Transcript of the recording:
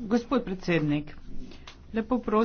gospod predsednik lepo prosim